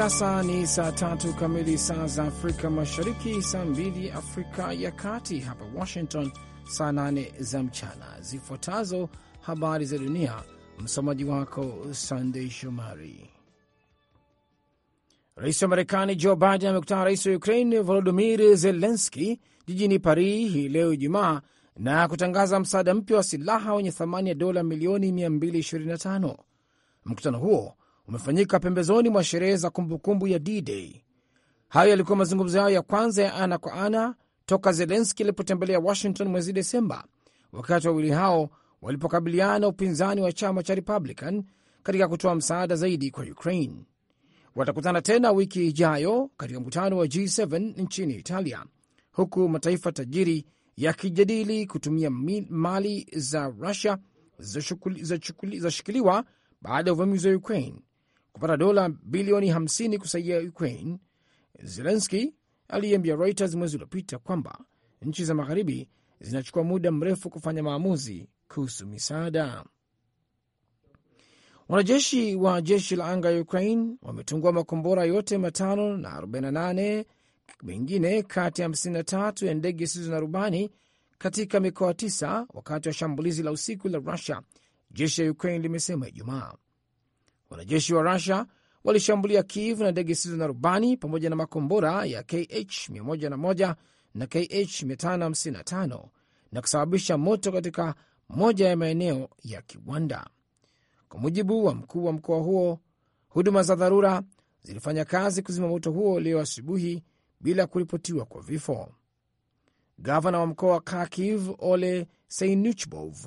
sasa ni saa tatu kamili saa za Afrika Mashariki, saa mbili Afrika ya Kati, hapa Washington saa nane za mchana. Zifuatazo habari za dunia, msomaji wako Sandei Shomari. Rais wa Marekani Joe Biden amekutana rais wa Ukraine Volodimir Zelenski jijini Paris hii leo Ijumaa na kutangaza msaada mpya wa silaha wenye thamani ya dola milioni 225. Mkutano huo umefanyika pembezoni mwa sherehe za kumbukumbu ya D-Day. Hayo yalikuwa mazungumzo yao ya kwanza ya ana kwa ana toka Zelenski alipotembelea Washington mwezi Desemba, wakati wawili hao walipokabiliana upinzani wa chama cha Republican katika kutoa msaada zaidi kwa Ukraine. Watakutana tena wiki ijayo katika mkutano wa G7 nchini Italia, huku mataifa tajiri yakijadili kutumia mali za Rusia zashikiliwa baada ya uvamizi wa Ukraine kupata dola bilioni 50 kusaidia Ukraine. Zelenski aliyeambia Reuters mwezi uliopita kwamba nchi za magharibi zinachukua muda mrefu kufanya maamuzi kuhusu misaada. Wanajeshi wa jeshi la anga ya Ukraine wametungua makombora yote matano na 48 mengine kati ya 53 ya ndege zisizo na rubani katika mikoa 9 wakati wa shambulizi la usiku la Rusia, jeshi la Ukraine limesema Ijumaa. Wanajeshi wa Rusia walishambulia Kiev na ndege zisizo na rubani pamoja na makombora ya KH-101 na KH-555 na kusababisha moto katika moja ya maeneo ya kiwanda. Kwa mujibu wa mkuu wa mkoa huo, huduma za dharura zilifanya kazi kuzima moto huo leo asubuhi bila kuripotiwa kwa vifo. Gavana wa mkoa wa Kharkiv Ole Seinuchbov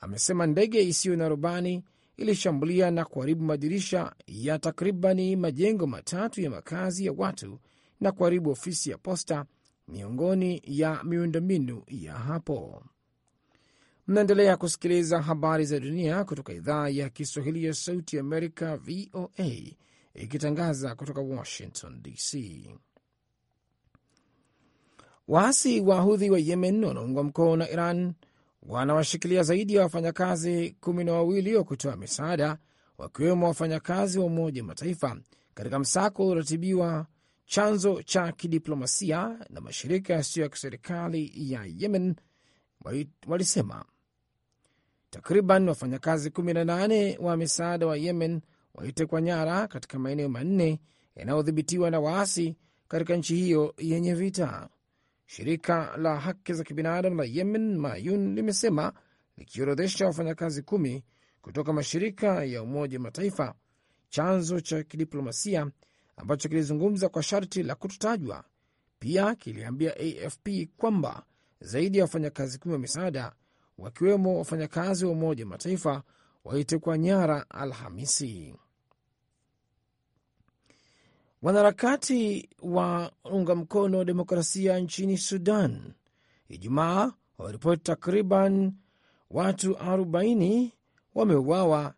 amesema ndege isiyo na rubani ilishambulia na kuharibu madirisha ya takribani majengo matatu ya makazi ya watu na kuharibu ofisi ya posta, miongoni ya miundombinu ya hapo. Mnaendelea kusikiliza habari za dunia kutoka idhaa ya Kiswahili ya Sauti ya Amerika, VOA, ikitangaza kutoka Washington DC. Waasi wa Hudhi wa Yemen wanaungwa mkono na Iran wanawashikilia zaidi ya wafanyakazi kumi na wawili wa kutoa misaada wakiwemo wafanyakazi wa Umoja Mataifa katika msako ulioratibiwa. Chanzo cha kidiplomasia na mashirika yasiyo ya kiserikali ya Yemen walisema takriban wafanyakazi 18 wa misaada wa Yemen walitekwa nyara katika maeneo manne yanayodhibitiwa na waasi katika nchi hiyo yenye vita. Shirika la haki za kibinadamu la Yemen Mayun limesema likiorodhesha wafanyakazi kumi kutoka mashirika ya Umoja Mataifa. Chanzo cha kidiplomasia ambacho kilizungumza kwa sharti la kutotajwa pia kiliambia AFP kwamba zaidi ya wafanyakazi kumi wa misaada wakiwemo wafanyakazi wa Umoja Mataifa walitekwa nyara Alhamisi. Wanaharakati wa unga mkono wa demokrasia nchini Sudan Ijumaa waliripoti takriban watu 40 wameuawa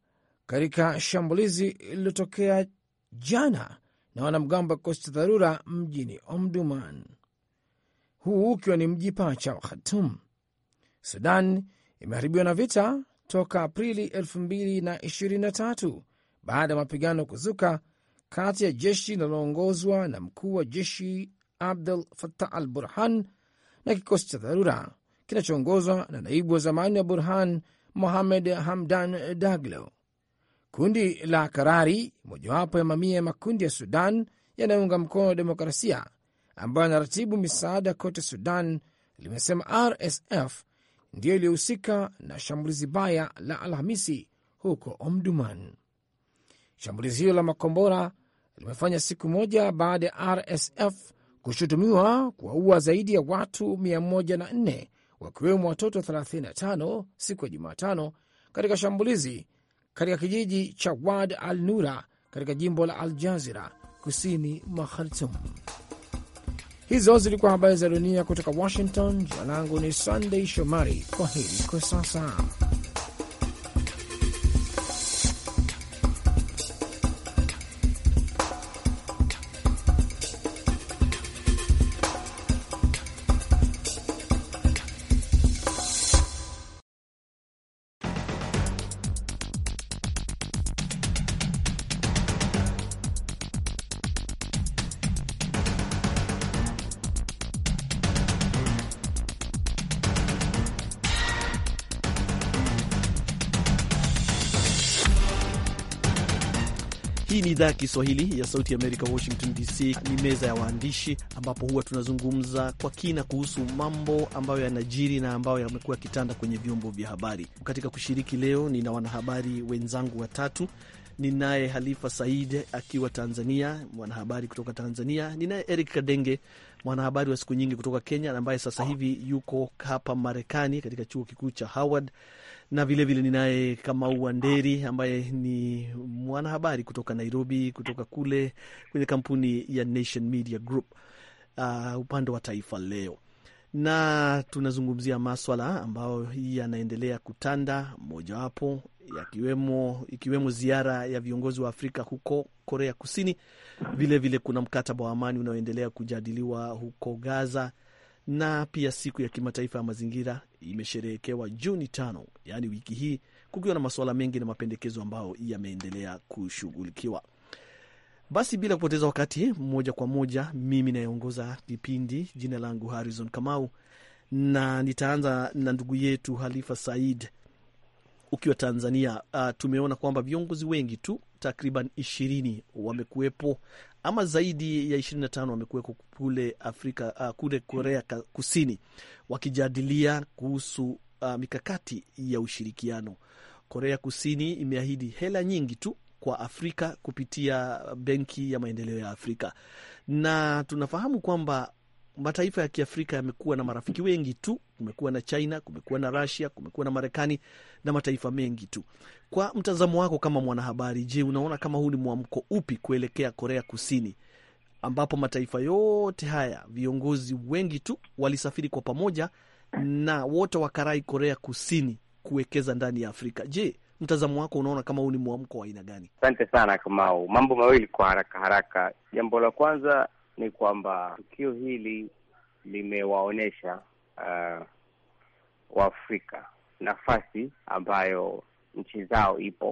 katika shambulizi lililotokea jana na wanamgambo wa kikosi cha dharura mjini Omduman, huu ukiwa ni mji pacha wa khatum Sudan imeharibiwa na vita toka Aprili 2023 baada ya mapigano kuzuka kati ya jeshi linaloongozwa na mkuu wa jeshi Abdul fatah al Burhan na kikosi cha dharura kinachoongozwa na naibu wa zamani wa Burhan, Mohamed Hamdan Daglo. Kundi la Karari, mojawapo ya mamia ya makundi ya Sudan yanayounga mkono demokrasia ambayo anaratibu misaada kote Sudan, limesema RSF ndiyo iliyohusika na shambulizi baya la Alhamisi huko Omduman. Shambulizi hilo la makombora limefanya siku moja baada ya RSF kushutumiwa kuwaua zaidi ya watu 104 wakiwemo watoto 35 siku ya Jumatano katika shambulizi katika kijiji cha Wad al Nura katika jimbo la Al Jazira kusini mwa Khartum. Hizo zilikuwa habari za dunia kutoka Washington. Jina langu ni Sandey Shomari. Kwa heri kwa sasa. idhaa ya Kiswahili ya Sauti Amerika, Washington DC. Ni meza ya waandishi, ambapo huwa tunazungumza kwa kina kuhusu mambo ambayo yanajiri na ambayo yamekuwa kitanda kwenye vyombo vya habari. Katika kushiriki leo, nina wanahabari wenzangu watatu. Ninaye Halifa Said akiwa Tanzania, mwanahabari kutoka Tanzania. Ninaye Eric Kadenge, mwanahabari wa siku nyingi kutoka Kenya, ambaye sasa hivi yuko hapa Marekani katika chuo kikuu cha Howard na vilevile ninaye Kamau Wanderi ambaye ni mwanahabari kutoka Nairobi, kutoka kule kwenye kampuni ya Nation Media Group uh, upande wa Taifa Leo, na tunazungumzia maswala ambayo yanaendelea kutanda, mojawapo yakiwemo ikiwemo ziara ya viongozi wa Afrika huko Korea Kusini. Vilevile vile kuna mkataba wa amani unaoendelea kujadiliwa huko Gaza na pia siku ya kimataifa ya mazingira imesherehekewa Juni tano, yaani wiki hii, kukiwa na masuala mengi na mapendekezo ambayo yameendelea kushughulikiwa. Basi bila kupoteza wakati, moja kwa moja, mimi nayeongoza kipindi, jina langu Harrison Kamau, na nitaanza na ndugu yetu Halifa Said ukiwa Tanzania. Uh, tumeona kwamba viongozi wengi tu takriban ishirini wamekuwepo ama zaidi ya ishirini na tano wamekuwepo kule Afrika uh, kule Korea Kusini wakijadilia kuhusu uh, mikakati ya ushirikiano. Korea Kusini imeahidi hela nyingi tu kwa Afrika kupitia Benki ya Maendeleo ya Afrika, na tunafahamu kwamba mataifa ya Kiafrika yamekuwa na marafiki wengi tu. Kumekuwa na China, kumekuwa na rasia kumekuwa na Marekani na mataifa mengi tu. Kwa mtazamo wako kama mwanahabari, je, unaona kama huu ni mwamko upi kuelekea Korea Kusini ambapo mataifa yote haya viongozi wengi tu walisafiri kwa pamoja na wote wakarai Korea Kusini kuwekeza ndani ya Afrika. Je, mtazamo wako unaona kama huu ni mwamko wa aina gani? Asante sana Kamau. Mambo mawili kwa haraka haraka. Jambo la kwanza ni kwamba tukio hili limewaonyesha uh, Waafrika nafasi ambayo nchi zao ipo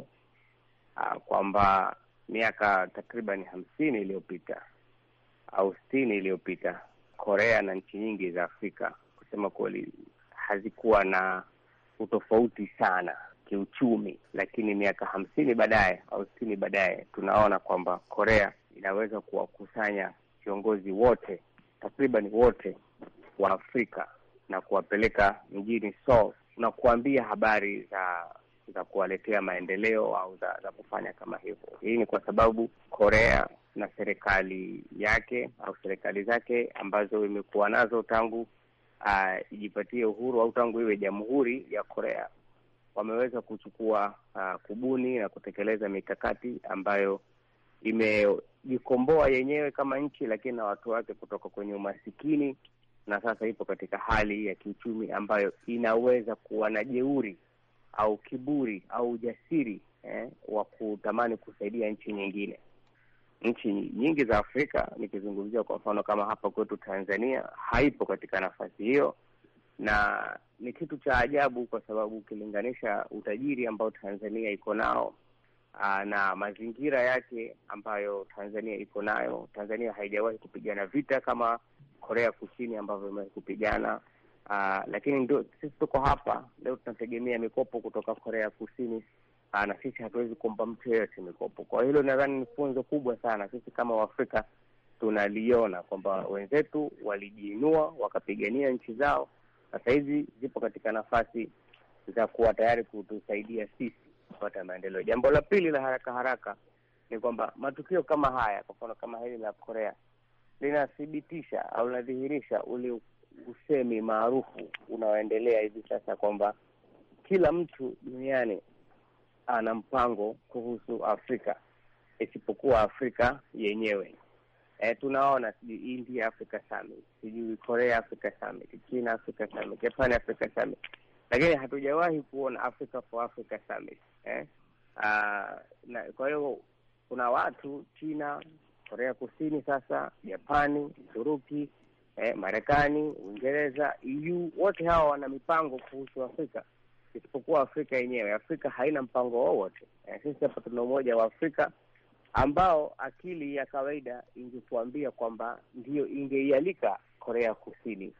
uh, kwamba miaka takriban hamsini iliyopita au sitini iliyopita Korea na nchi nyingi za Afrika kusema kweli hazikuwa na utofauti sana kiuchumi, lakini miaka hamsini baadaye au sitini baadaye tunaona kwamba Korea inaweza kuwakusanya viongozi wote takriban wote wa Afrika na kuwapeleka mjini Seoul na kuambia habari za za kuwaletea maendeleo au za, za kufanya kama hivyo. Hii ni kwa sababu Korea na serikali yake au serikali zake ambazo imekuwa nazo tangu uh, ijipatie uhuru au tangu iwe Jamhuri ya Korea wameweza kuchukua uh, kubuni na kutekeleza mikakati ambayo imejikomboa yenyewe kama nchi, lakini na watu wake kutoka kwenye umasikini, na sasa ipo katika hali ya kiuchumi ambayo inaweza kuwa na jeuri au kiburi au ujasiri eh, wa kutamani kusaidia nchi nyingine. Nchi nyingi za Afrika nikizungumzia kwa mfano kama hapa kwetu Tanzania, haipo katika nafasi hiyo, na ni kitu cha ajabu, kwa sababu ukilinganisha utajiri ambao Tanzania iko nao Ah, na mazingira yake ambayo Tanzania ipo nayo. Tanzania haijawahi kupigana vita kama Korea Kusini ambavyo imewahi kupigana Uh, lakini ndio sisi tuko hapa leo tunategemea mikopo kutoka Korea Kusini Uh, na sisi hatuwezi kuomba mtu yeyote mikopo. Kwa hilo nadhani ni funzo kubwa sana sisi kama Waafrika tunaliona kwamba wenzetu walijiinua wakapigania nchi zao, sasa hizi zipo katika nafasi za kuwa tayari kutusaidia sisi kupata maendeleo. Jambo la pili la haraka haraka ni kwamba matukio kama haya, kwa mfano kama hili la Korea, linathibitisha au linadhihirisha ule usemi maarufu unaoendelea hivi sasa kwamba kila mtu duniani ana mpango kuhusu Afrika isipokuwa Afrika yenyewe. E, tunaona sijui India Africa Summit, sijui Korea Africa Summit, China Africa Summit, Japan Africa Summit, lakini hatujawahi kuona Africa for Africa Summit eh? Aa, ah, na kwa hiyo kuna watu China, Korea Kusini, sasa Japani, Uturuki, eh, Marekani, Uingereza, EU, wote hawa wana mipango kuhusu Afrika isipokuwa Afrika yenyewe. Afrika haina mpango wowote eh. Sisi hapa tuna Umoja wa Afrika ambao akili ya kawaida ingetuambia kwamba ndiyo ingeialika Korea Kusini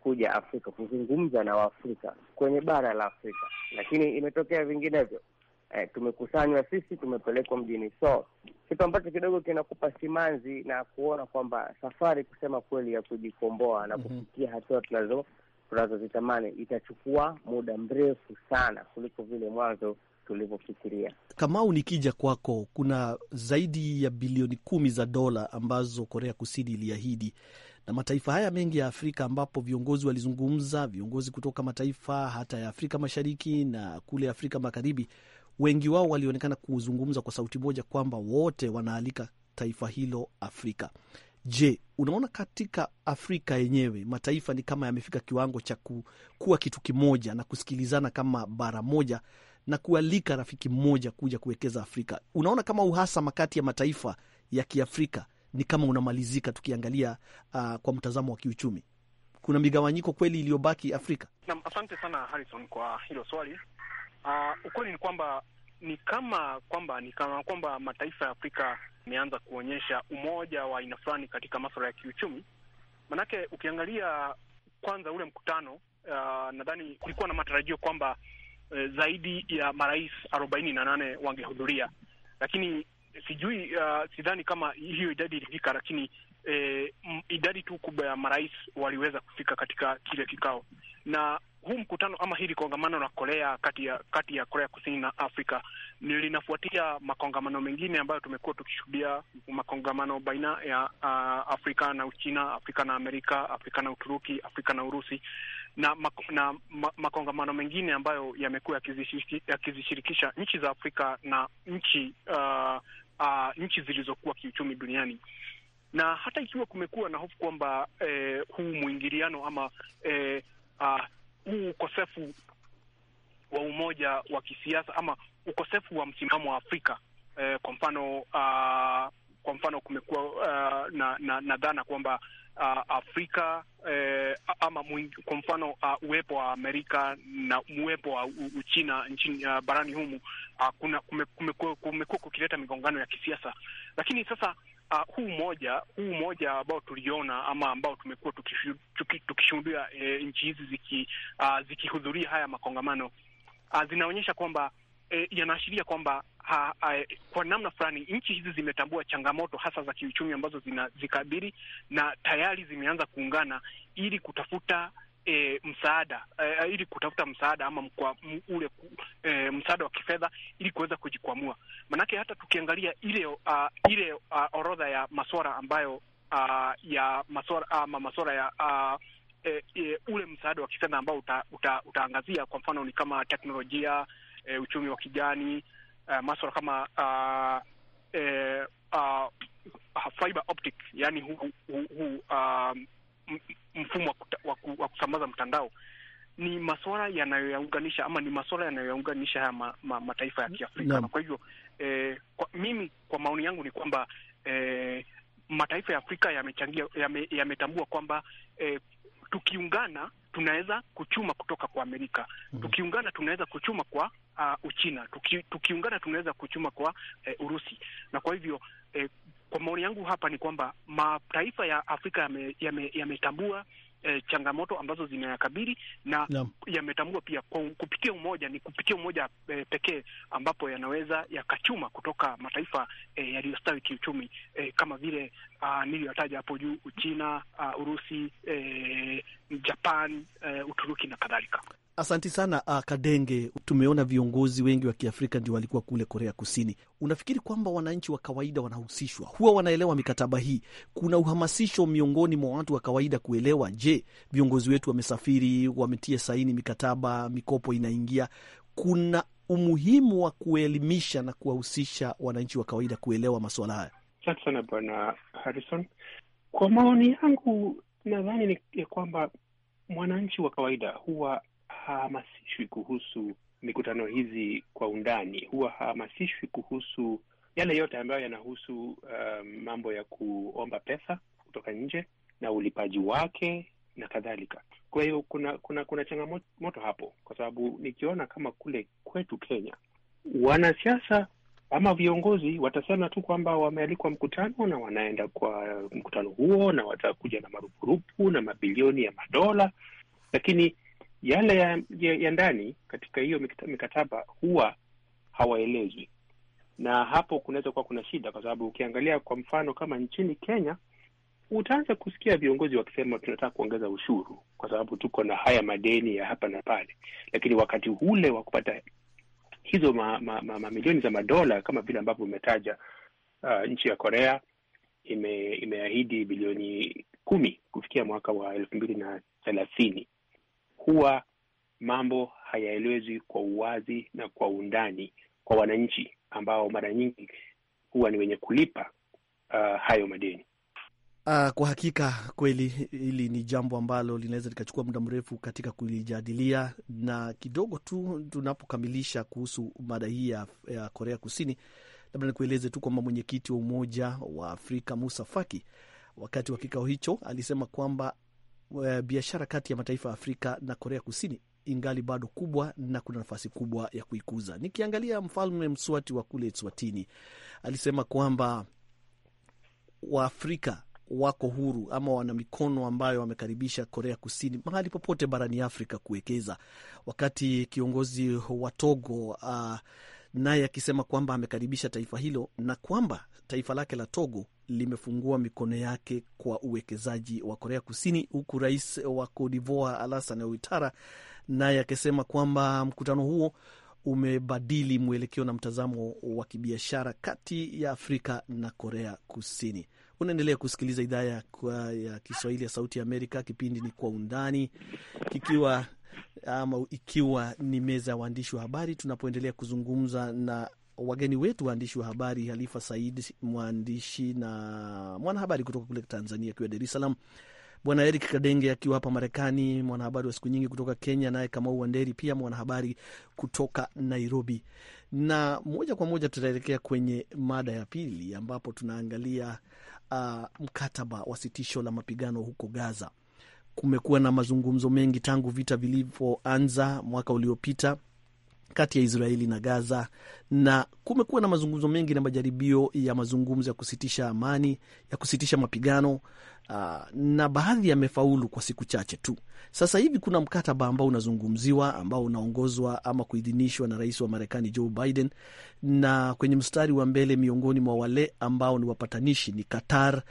kuja Afrika kuzungumza na Waafrika kwenye bara la Afrika, lakini imetokea vinginevyo eh, tumekusanywa sisi, tumepelekwa mjini so kitu ambacho kidogo kinakupa simanzi na kuona kwamba safari kusema kweli ya kujikomboa na mhm. kufikia hatua tunazo tunazozitamani itachukua muda mrefu sana kuliko vile mwanzo tulivyofikiria. Kamau, nikija kwako, kuna zaidi ya bilioni kumi za dola ambazo Korea Kusini iliahidi na mataifa haya mengi ya Afrika ambapo viongozi walizungumza, viongozi kutoka mataifa hata ya Afrika Mashariki na kule Afrika Magharibi wengi wao walionekana kuzungumza kwa sauti moja kwamba wote wanaalika taifa hilo Afrika. Je, unaona katika Afrika yenyewe mataifa ni kama yamefika kiwango cha kuwa kitu kimoja na kusikilizana kama bara moja na kualika rafiki mmoja kuja kuwekeza Afrika? Unaona kama uhasama kati ya mataifa ya Kiafrika ni kama unamalizika, tukiangalia uh, kwa mtazamo wa kiuchumi kuna migawanyiko kweli iliyobaki Afrika? Naam, asante sana Harrison kwa hilo swali. Uh, ukweli ni kwamba ni kama kwamba ni kama kwamba mataifa ya Afrika yameanza kuonyesha umoja wa aina fulani katika masuala ya kiuchumi, manake ukiangalia kwanza ule mkutano uh, nadhani kulikuwa na matarajio kwamba uh, zaidi ya marais arobaini na nane wangehudhuria, lakini sijui uh, sidhani kama hiyo idadi ilifika, lakini eh, idadi tu kubwa ya marais waliweza kufika katika kile kikao na huu mkutano ama hili kongamano la Korea kati ya kati ya Korea Kusini na Afrika linafuatia makongamano mengine ambayo tumekuwa tukishuhudia, makongamano baina ya uh, Afrika na Uchina, Afrika na Amerika, Afrika na Uturuki, Afrika na Urusi na, mak na ma, makongamano mengine ambayo yamekuwa yakizishirikisha nchi za Afrika na nchi uh, uh, nchi zilizokuwa kiuchumi duniani na hata ikiwa kumekuwa na hofu kwamba eh, huu mwingiliano ama eh, uh, huu ukosefu wa umoja wa kisiasa ama ukosefu wa msimamo wa Afrika eh, kwa mfano uh, kwa mfano kumekuwa uh, na, na, na dhana kwamba uh, Afrika eh, ama kwa mfano uh, uwepo wa Amerika na uwepo wa Uchina nchini uh, barani humu uh, kumekuwa kukileta migongano ya kisiasa, lakini sasa uh, huu moja huu moja ambao tuliona ama ambao tumekuwa tukishuhudia e, nchi hizi ziki uh, zikihudhuria haya makongamano uh, zinaonyesha kwamba e, yanaashiria kwamba ha, ha, kwa namna fulani nchi hizi zimetambua changamoto hasa za kiuchumi ambazo zikabiri na tayari zimeanza kuungana ili kutafuta e, msaada e, e, ili kutafuta msaada ama mkwa, m, ule e, msaada wa kifedha ili kuweza kujikwamua. Manake hata tukiangalia ile uh, ile uh, orodha ya masuala ambayo uh, ya masuala ama masuala ya uh, E, e, ule msaada wa kifedha ambao uta, uta, utaangazia kwa mfano ni kama teknolojia e, uchumi wa kijani e, maswala kama a, e, a, fiber optic yani hu, hu, um, mfumo wa kusambaza mtandao ni masuala yanayoyaunganisha ama ni masuala yanayoyaunganisha haya ma, ma, mataifa ya Kiafrika Na kwa hivyo eh, kwa, mimi kwa maoni yangu ni kwamba eh, mataifa ya Afrika yamechangia yametambua yame kwamba eh, tukiungana tunaweza kuchuma kutoka kwa Amerika mm. Tukiungana tunaweza kuchuma kwa uh, Uchina. Tuki, tukiungana tunaweza kuchuma kwa eh, Urusi na kwa hivyo eh, kwa maoni yangu hapa ni kwamba mataifa ya Afrika yametambua yame, yame E, changamoto ambazo zinayakabili na no. yametambua pia kupitia umoja, ni kupitia umoja e, pekee ambapo yanaweza yakachuma kutoka mataifa e, yaliyostawi kiuchumi e, kama vile ah, niliyotaja hapo juu Uchina, a, ah, Urusi, e, Japan, e, Uturuki na kadhalika. Asanti sana uh, Kadenge. Tumeona viongozi wengi wa Kiafrika ndio walikuwa kule Korea Kusini. Unafikiri kwamba wananchi wa kawaida wanahusishwa, huwa wanaelewa mikataba hii? Kuna uhamasisho miongoni mwa watu wa kawaida kuelewa? Je, viongozi wetu wamesafiri, wametia saini mikataba, mikopo inaingia, kuna umuhimu wa kuelimisha na kuwahusisha wananchi wa kawaida kuelewa masuala haya? Asante sana Bwana Harrison. Kwa maoni yangu, nadhani ni ya kwamba mwananchi wa kawaida huwa hahamasishwi kuhusu mikutano hizi kwa undani, huwa hahamasishwi kuhusu yale yote ambayo yanahusu uh, mambo ya kuomba pesa kutoka nje na ulipaji wake na kadhalika. Kwa hiyo kuna kuna kuna changamoto hapo, kwa sababu nikiona kama kule kwetu Kenya wanasiasa ama viongozi watasema tu kwamba wamealikwa mkutano na wanaenda kwa mkutano huo na watakuja na marupurupu na mabilioni ya madola, lakini yale ya, ya, ya ndani katika hiyo mikataba huwa hawaelezwi, na hapo kunaweza kuwa kuna shida, kwa sababu ukiangalia kwa mfano kama nchini Kenya utaanza kusikia viongozi wakisema tunataka kuongeza ushuru kwa sababu tuko na haya madeni ya hapa na pale, lakini wakati ule wa kupata hizo mamilioni ma, ma, ma za madola kama vile ambavyo umetaja, uh, nchi ya Korea ime, imeahidi bilioni kumi kufikia mwaka wa elfu mbili na thelathini kuwa mambo hayaelezwi kwa uwazi na kwa undani kwa wananchi ambao mara nyingi huwa ni wenye kulipa uh, hayo madeni. Uh, kwa hakika kweli hili ni jambo ambalo linaweza likachukua muda mrefu katika kulijadilia, na kidogo tu tunapokamilisha kuhusu mada hii ya, ya Korea Kusini, labda nikueleze tu kwamba mwenyekiti wa Umoja wa Afrika Musa Faki wakati wa kikao hicho alisema kwamba biashara kati ya mataifa ya Afrika na Korea Kusini ingali bado kubwa na kuna nafasi kubwa ya kuikuza. Nikiangalia mfalme Mswati wa kule swatini alisema kwamba Waafrika wako huru ama wana mikono ambayo wamekaribisha Korea Kusini mahali popote barani Afrika kuwekeza, wakati kiongozi wa Togo uh, naye akisema kwamba amekaribisha taifa hilo na kwamba taifa lake la Togo limefungua mikono yake kwa uwekezaji wa Korea Kusini, huku rais wa Cote d'Ivoire Alassane Ouattara naye akisema kwamba mkutano huo umebadili mwelekeo na mtazamo wa kibiashara kati ya Afrika na Korea Kusini. Unaendelea kusikiliza idhaa ya Kiswahili ya Sauti ya Amerika. Kipindi ni Kwa Undani, kikiwa ama ikiwa ni meza ya waandishi wa habari, tunapoendelea kuzungumza na wageni wetu waandishi wa habari Halifa Said, mwandishi na mwanahabari kutoka kule Tanzania akiwa Dar es Salaam, Bwana Eric Kadenge akiwa hapa Marekani, mwanahabari wa siku nyingi kutoka Kenya, naye Kamau Wanderi pia mwanahabari kutoka Nairobi. Na moja kwa moja tutaelekea kwenye mada ya pili ambapo tunaangalia uh, mkataba wa sitisho la mapigano huko Gaza. Kumekuwa na mazungumzo mengi tangu vita vilivyoanza mwaka uliopita kati ya Israeli na Gaza, na kumekuwa na mazungumzo mengi na majaribio ya mazungumzo ya kusitisha amani, ya kusitisha mapigano ah, na baadhi yamefaulu kwa siku chache tu. Sasa hivi kuna mkataba ambao unazungumziwa ambao unaongozwa ama kuidhinishwa na rais wa Marekani Joe Biden, na kwenye mstari wa mbele miongoni mwa wale ambao ni wapatanishi ni Qatar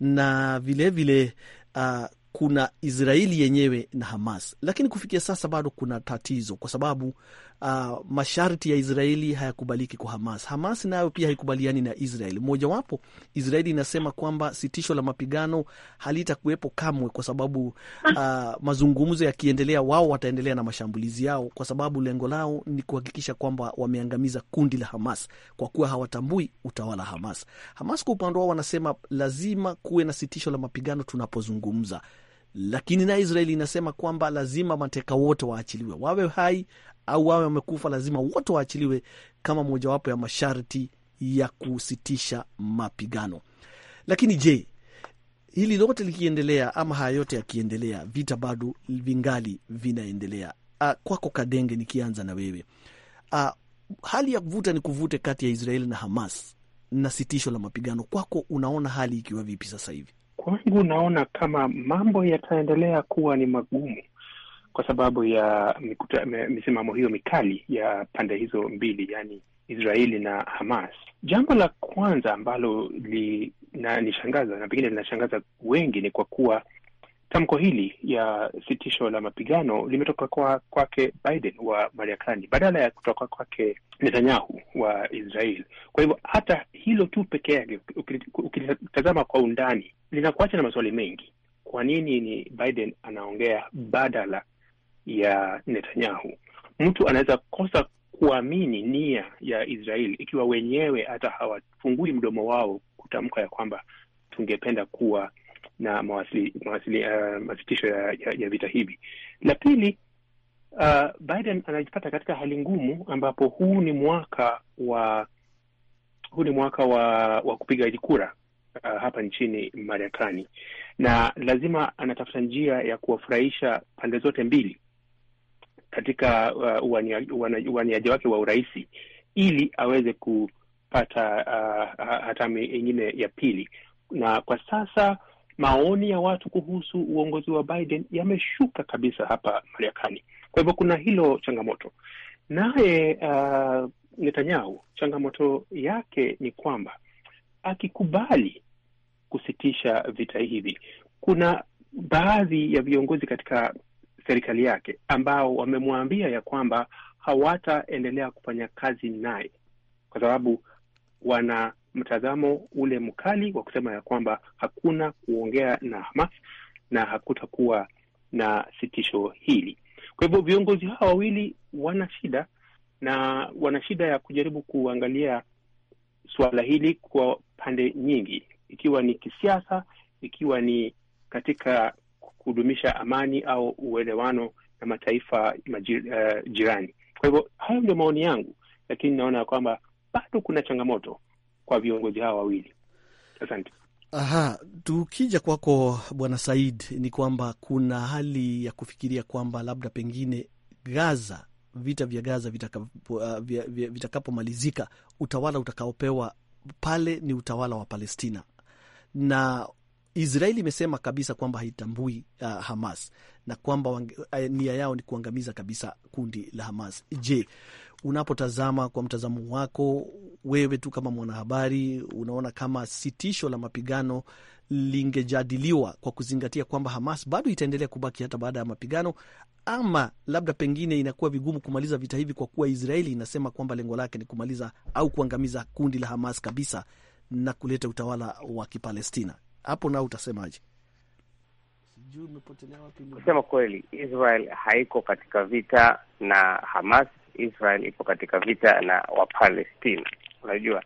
na vilevile vile, uh, kuna Israeli yenyewe na Hamas, lakini kufikia sasa bado kuna tatizo kwa sababu uh, masharti ya Israeli hayakubaliki kwa Hamas. Hamas nayo pia haikubaliani na Israeli. Mojawapo, Israeli inasema kwamba sitisho la mapigano halitakuwepo kamwe, kwa sababu uh, mazungumzo yakiendelea, wao wataendelea na mashambulizi yao, kwa sababu lengo lao ni kuhakikisha kwamba wameangamiza kundi la Hamas, kwa kuwa hawatambui utawala Hamas. Hamas kwa upande wao wanasema lazima kuwe na sitisho la mapigano tunapozungumza lakini na Israeli inasema kwamba lazima mateka wote waachiliwe wawe hai au wawe wamekufa, lazima wote waachiliwe kama mojawapo ya masharti ya kusitisha mapigano. Lakini je, hili lote likiendelea ama haya yote yakiendelea, vita bado vingali vinaendelea. Ah, kwako Kadenge, nikianza na wewe a, ah, hali ya vuta ni kuvute kati ya Israeli na Hamas na sitisho la mapigano, kwako unaona hali ikiwa vipi sasa hivi? Kwangu naona kama mambo yataendelea kuwa ni magumu kwa sababu ya mikuta, misimamo hiyo mikali ya pande hizo mbili, yani Israeli na Hamas. Jambo la kwanza ambalo linanishangaza na, na pengine linashangaza wengi ni kwa kuwa tamko hili ya sitisho la mapigano limetoka kwa kwake Biden wa Marekani badala ya kutoka kwake Netanyahu wa Israel. Kwa hivyo hata hilo tu peke yake ukilitazama kwa undani linakuacha na maswali mengi. Kwa nini ni Biden anaongea badala ya Netanyahu. Mtu anaweza kosa kuamini nia ya Israel ikiwa wenyewe hata hawafungui mdomo wao kutamka ya kwamba tungependa kuwa na mawasili, mawasili, uh, masitisho ya, ya, ya vita hivi. La pili, uh, Biden anajipata katika hali ngumu ambapo huu ni mwaka wa huu ni mwaka wa wa kupigaji kura uh, hapa nchini Marekani, na lazima anatafuta njia ya kuwafurahisha pande zote mbili katika uaniaji uh, wake wa urais ili aweze kupata uh, uh hatamu ingine ya pili. Na kwa sasa maoni ya watu kuhusu uongozi wa Biden yameshuka kabisa hapa Marekani. Kwa hivyo kuna hilo changamoto. Naye uh, Netanyahu, changamoto yake ni kwamba akikubali kusitisha vita hivi, kuna baadhi ya viongozi katika serikali yake ambao wamemwambia ya kwamba hawataendelea kufanya kazi naye kwa sababu wana mtazamo ule mkali wa kusema ya kwamba hakuna kuongea na Hamas na hakutakuwa na sitisho hili. Kwa hivyo viongozi hawa wawili wana shida na wana shida ya kujaribu kuangalia suala hili kwa pande nyingi, ikiwa ni kisiasa, ikiwa ni katika kudumisha amani au uelewano na mataifa majir, uh, jirani. Kwa hivyo hayo ndio maoni yangu, lakini naona kwamba bado kuna changamoto kwa viongozi hawa wawili. Asante. Aha, tukija kwako Bwana Said, ni kwamba kuna hali ya kufikiria kwamba labda pengine Gaza, vita vya Gaza eh, vitakapomalizika, uh, vita utawala utakaopewa pale ni utawala wa Palestina na Israeli imesema kabisa kwamba haitambui uh, Hamas na kwamba uh, nia yao ni kuangamiza kabisa kundi la Hamas. Je, unapotazama kwa mtazamo wako wewe tu kama mwanahabari, unaona kama sitisho la mapigano lingejadiliwa kwa kuzingatia kwamba Hamas bado itaendelea kubaki hata baada ya mapigano, ama labda pengine inakuwa vigumu kumaliza vita hivi kwa kuwa Israeli inasema kwamba lengo lake ni kumaliza au kuangamiza kundi la Hamas kabisa na kuleta utawala wa Kipalestina? hapo nao utasemaje? Kusema kweli, Israel haiko katika vita na Hamas. Israel ipo katika vita na Wapalestina. Unajua,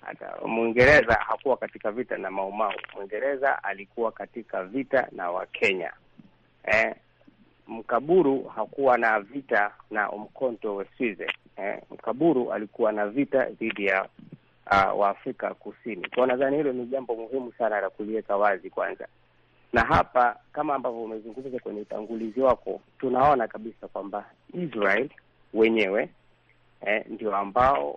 hata Mwingereza hakuwa katika vita na Maumau. Mwingereza alikuwa katika vita na Wakenya. Eh, Mkaburu hakuwa na vita na Umkhonto we Eh, Mkaburu alikuwa na vita dhidi ya uh, wa Afrika Kusini. Kwa nadhani hilo ni jambo muhimu sana la kuliweka wazi kwanza, na hapa kama ambavyo umezungumza kwenye utangulizi wako, tunaona kabisa kwamba Israel wenyewe eh, ndio ambao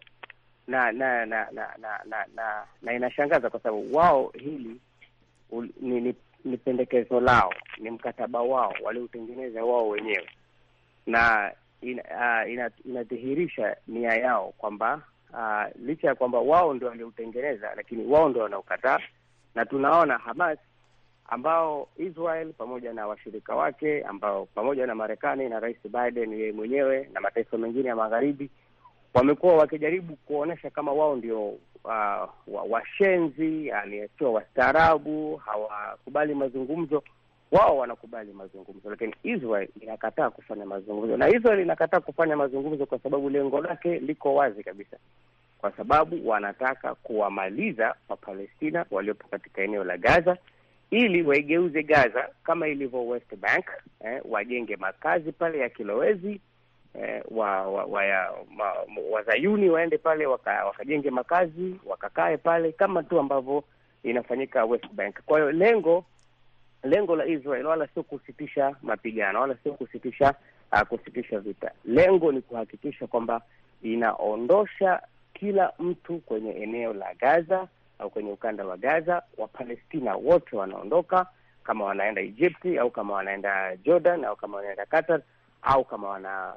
na na na na na, na, na, na inashangaza kwa sababu wao hili u, ni, ni, ni pendekezo lao, ni mkataba wao waliotengeneza wao wenyewe na in, uh, ah, inadhihirisha nia yao kwamba uh, licha ya kwamba wao ndio walioutengeneza, lakini wao ndio wanaokataa, na tunaona Hamas ambao Israel pamoja na washirika wake ambao pamoja na Marekani na Rais Biden yeye mwenyewe na mataifa mengine ya magharibi wamekuwa wakijaribu kuonyesha kama wao ndio uh, washenzi, yani sio wastaarabu, hawakubali mazungumzo wao wanakubali mazungumzo, lakini Israel inakataa kufanya mazungumzo, na Israel inakataa kufanya mazungumzo kwa sababu lengo lake liko wazi kabisa, kwa sababu wanataka kuwamaliza Wapalestina waliopo katika eneo la Gaza ili waigeuze Gaza kama ilivyo West Bank eh, wajenge makazi pale ya kilowezi eh, wa, wa, wa, wa, wazayuni waende pale waka, wakajenge makazi wakakae pale kama tu ambavyo inafanyika West Bank. Kwa hiyo lengo lengo la Israel wala sio kusitisha mapigano wala sio kusitisha uh, kusitisha vita. Lengo ni kuhakikisha kwamba inaondosha kila mtu kwenye eneo la Gaza au kwenye ukanda wa Gaza. Wapalestina wote wanaondoka, kama wanaenda Egypt au kama wanaenda Jordan au kama wanaenda Qatar au kama wana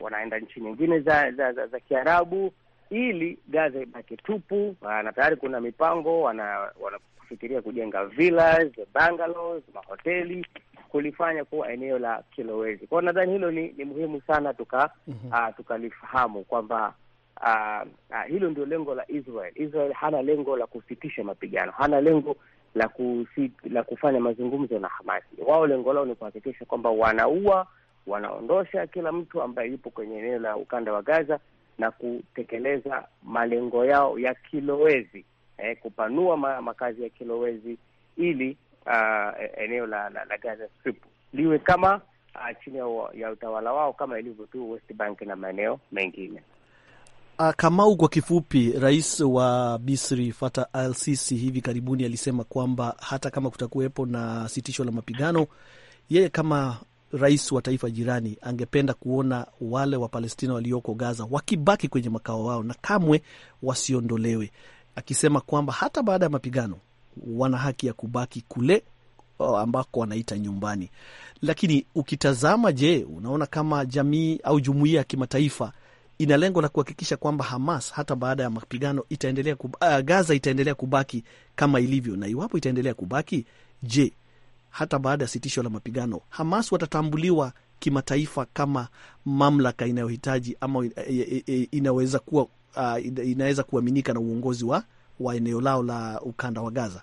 wanaenda nchi nyingine za za, za, za Kiarabu ili Gaza ibaki tupu. Na tayari kuna mipango wana, wana kufikiria kujenga villas, bungalows, mahoteli kulifanya kuwa eneo la kilowezi. Kwa nadhani hilo ni, ni muhimu sana tuka mm -hmm. uh, tukalifahamu kwamba uh, uh, hilo ndio lengo la Israel. Israel hana lengo la kusitisha mapigano, hana lengo la kusi, la kufanya mazungumzo na Hamasi. Wao lengo lao ni kuhakikisha kwamba wanaua, wanaondosha kila mtu ambaye yupo kwenye eneo la ukanda wa Gaza na kutekeleza malengo yao ya kilowezi eh, kupanua ma, makazi ya kilowezi ili uh, eneo la, la, la Gaza Strip liwe kama uh, chini ya utawala wao kama ilivyo tu West Bank na maeneo mengine. Ah, Kamau, kwa kifupi, rais wa Misri Fatah Al-Sisi hivi karibuni alisema kwamba hata kama kutakuwepo na sitisho la mapigano, yeye kama rais wa taifa jirani angependa kuona wale wa palestina walioko Gaza wakibaki kwenye makao wao na kamwe wasiondolewe akisema kwamba hata baada ya mapigano wana haki ya kubaki kule ambako wanaita nyumbani. Lakini ukitazama, je, unaona kama jamii au jumuiya ya kimataifa ina lengo la kuhakikisha kwamba Hamas hata baada ya mapigano itaendelea eh, Gaza itaendelea kubaki kama ilivyo, na iwapo itaendelea kubaki, je, hata baada ya sitisho la mapigano Hamas watatambuliwa kimataifa kama mamlaka inayohitaji ama eh, eh, inaweza kuwa uh, inaweza kuaminika na uongozi wa, wa eneo lao la ukanda wa Gaza?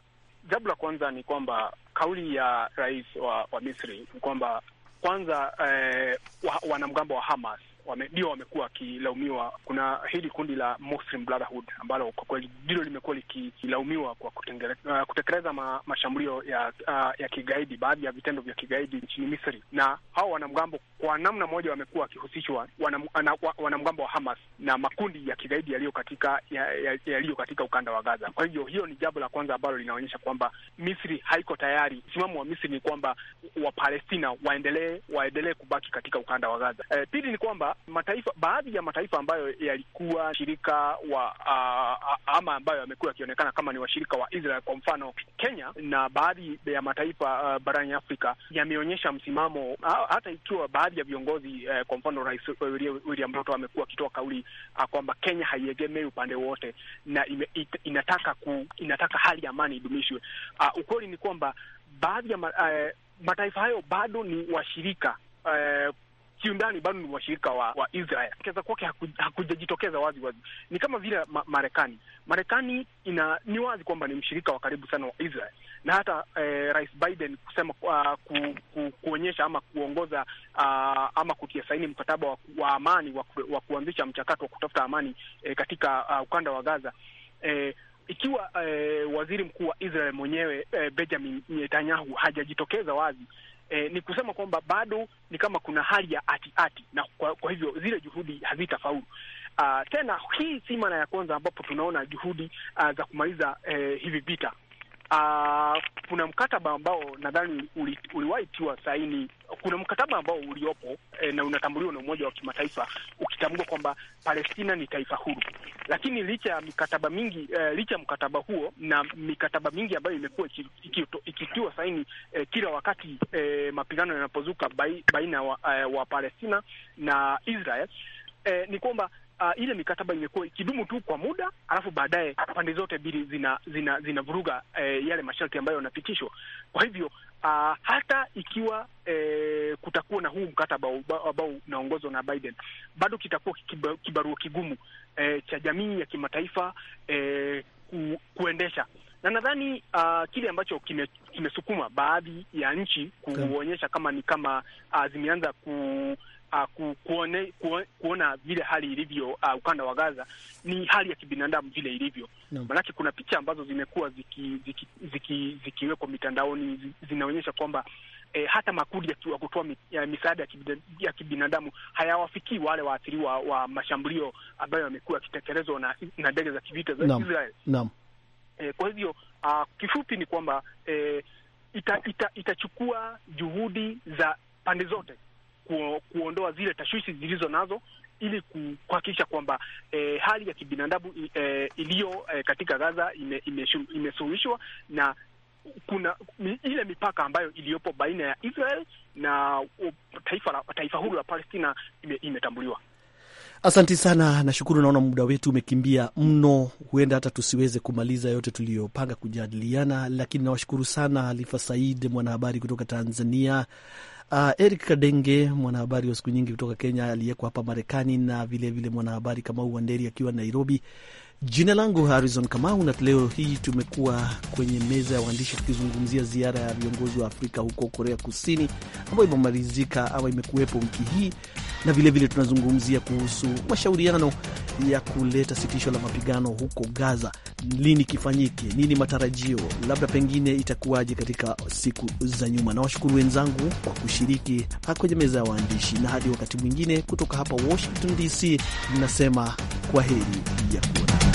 Jambo la kwanza ni kwamba kauli ya rais wa, wa Misri ni kwamba kwanza eh, wa, wanamgambo wa Hamas ndio wamekuwa wakilaumiwa. Kuna hili kundi la Muslim Brotherhood ambalo kwa kweli ndilo limekuwa likilaumiwa kwa uh, kutekeleza ma, mashambulio ya uh, ya kigaidi, baadhi ya vitendo vya kigaidi nchini Misri, na hao wanamgambo kwa namna moja wamekuwa wakihusishwa, wanamgambo wa Hamas na makundi ya kigaidi yaliyo katika yaliyo ya, ya katika ukanda wa Gaza. Kwa hivyo hiyo ni jambo la kwanza ambalo linaonyesha kwamba Misri haiko tayari. Msimamo wa Misri ni kwamba Wapalestina waendelee waendelee kubaki katika ukanda wa Gaza. E, pili ni kwamba mataifa, baadhi ya mataifa ambayo yalikuwa shirika wa uh, ama ambayo yamekuwa yakionekana kama ni washirika wa Israel, kwa mfano Kenya na baadhi ya mataifa uh, barani Afrika yameonyesha msimamo hata ikiwa baadhi ya viongozi uh, kwa mfano Rais William Ruto amekuwa akitoa kauli uh, kwamba Kenya haiegemei upande wote na ime, it, inataka ku, inataka hali ya amani idumishwe. Uh, ukweli ni kwamba baadhi ya ma, uh, mataifa hayo bado ni washirika uh, kiundani bado ni washirika wa, wa Israel. Keza kwake hakujajitokeza wazi wazi, ni kama vile ma, Marekani. Marekani ina ni wazi kwamba ni mshirika wa karibu sana wa Israel na hata eh, Rais Biden kusema uh, ku, ku, kuonyesha ama kuongoza uh, ama kutia saini mkataba wa, wa amani wa, wa kuanzisha mchakato wa kutafuta amani eh, katika uh, ukanda wa Gaza eh, ikiwa eh, waziri mkuu wa Israel mwenyewe eh, Benjamin Netanyahu hajajitokeza wazi eh, ni kusema kwamba bado ni kama kuna hali ya atiati -ati, na kwa, kwa hivyo zile juhudi hazitafaulu. Uh, tena hii si mara ya kwanza ambapo tunaona juhudi uh, za kumaliza uh, hivi vita Uh, kuna mkataba ambao nadhani uli, saini. Kuna mkataba ambao uliopo e, na unatambuliwa na Umoja wa Kimataifa ukitambua kwamba Palestina ni taifa huru, lakini licha ya mikataba mingi e, licha ya mkataba huo na mikataba mingi ambayo imekuwa ikitiwa saini e, kila wakati e, mapigano yanapozuka baina ya wa, e, wa Palestina na Israel e, ni kwamba uh, ile mikataba imekuwa ikidumu tu kwa muda, alafu baadaye pande zote mbili zina zina eh, yale masharti ambayo yanapitishwa. Kwa hivyo uh, hata ikiwa eh, kutakuwa na huu mkataba ambao unaongozwa na Biden, bado kitakuwa kibarua kigumu eh, cha jamii ya kimataifa eh, ku, kuendesha na nadhani uh, kile ambacho kimesukuma kime baadhi ya nchi kuonyesha kama ni kama uh, zimeanza ku uh, ku, kuone, kuone, kuona vile hali ilivyo uh, ukanda wa Gaza ni hali ya kibinadamu vile ilivyo no. Maanake kuna picha ambazo zimekuwa zikiwekwa ziki, ziki, ziki mitandaoni zinaonyesha kwamba E, hata makundi ya kutoa misaada ya kibinadamu hayawafikii wale waathiriwa wa mashambulio ambayo yamekuwa yakitekelezwa na, na ndege za kivita za no. Israel no. E, eh, kwa hivyo uh, kifupi ni kwamba e, eh, itachukua ita, ita juhudi za pande zote ku, kuondoa zile tashwishi zilizo nazo ili kuhakikisha kwamba eh, hali ya kibinadamu eh, iliyo eh, katika Gaza imesuluhishwa ime na kuna ile mipaka ambayo iliyopo baina ya Israel na taifa la taifa huru la Palestina imetambuliwa. Asanti sana, nashukuru. Naona muda wetu umekimbia mno, huenda hata tusiweze kumaliza yote tuliyopanga kujadiliana, lakini nawashukuru sana alifa Said, mwanahabari kutoka Tanzania, Uh, Eric Kadenge, mwanahabari wa siku nyingi kutoka Kenya aliyeko hapa Marekani, na vilevile mwanahabari Kamau Wanderi akiwa Nairobi, Jina langu Harrison Kamau, na leo hii tumekuwa kwenye meza ya waandishi tukizungumzia ziara ya viongozi wa Afrika huko Korea Kusini ambayo imemalizika ama imekuwepo wiki hii, na vilevile vile tunazungumzia kuhusu mashauriano ya kuleta sitisho la mapigano huko Gaza. Lini kifanyike? Nini matarajio? Labda pengine itakuwaje katika siku za nyuma? Na washukuru wenzangu kwa kushiriki kwenye meza ya waandishi, na hadi wakati mwingine, kutoka hapa Washington DC, ninasema kwa heri ya kuona.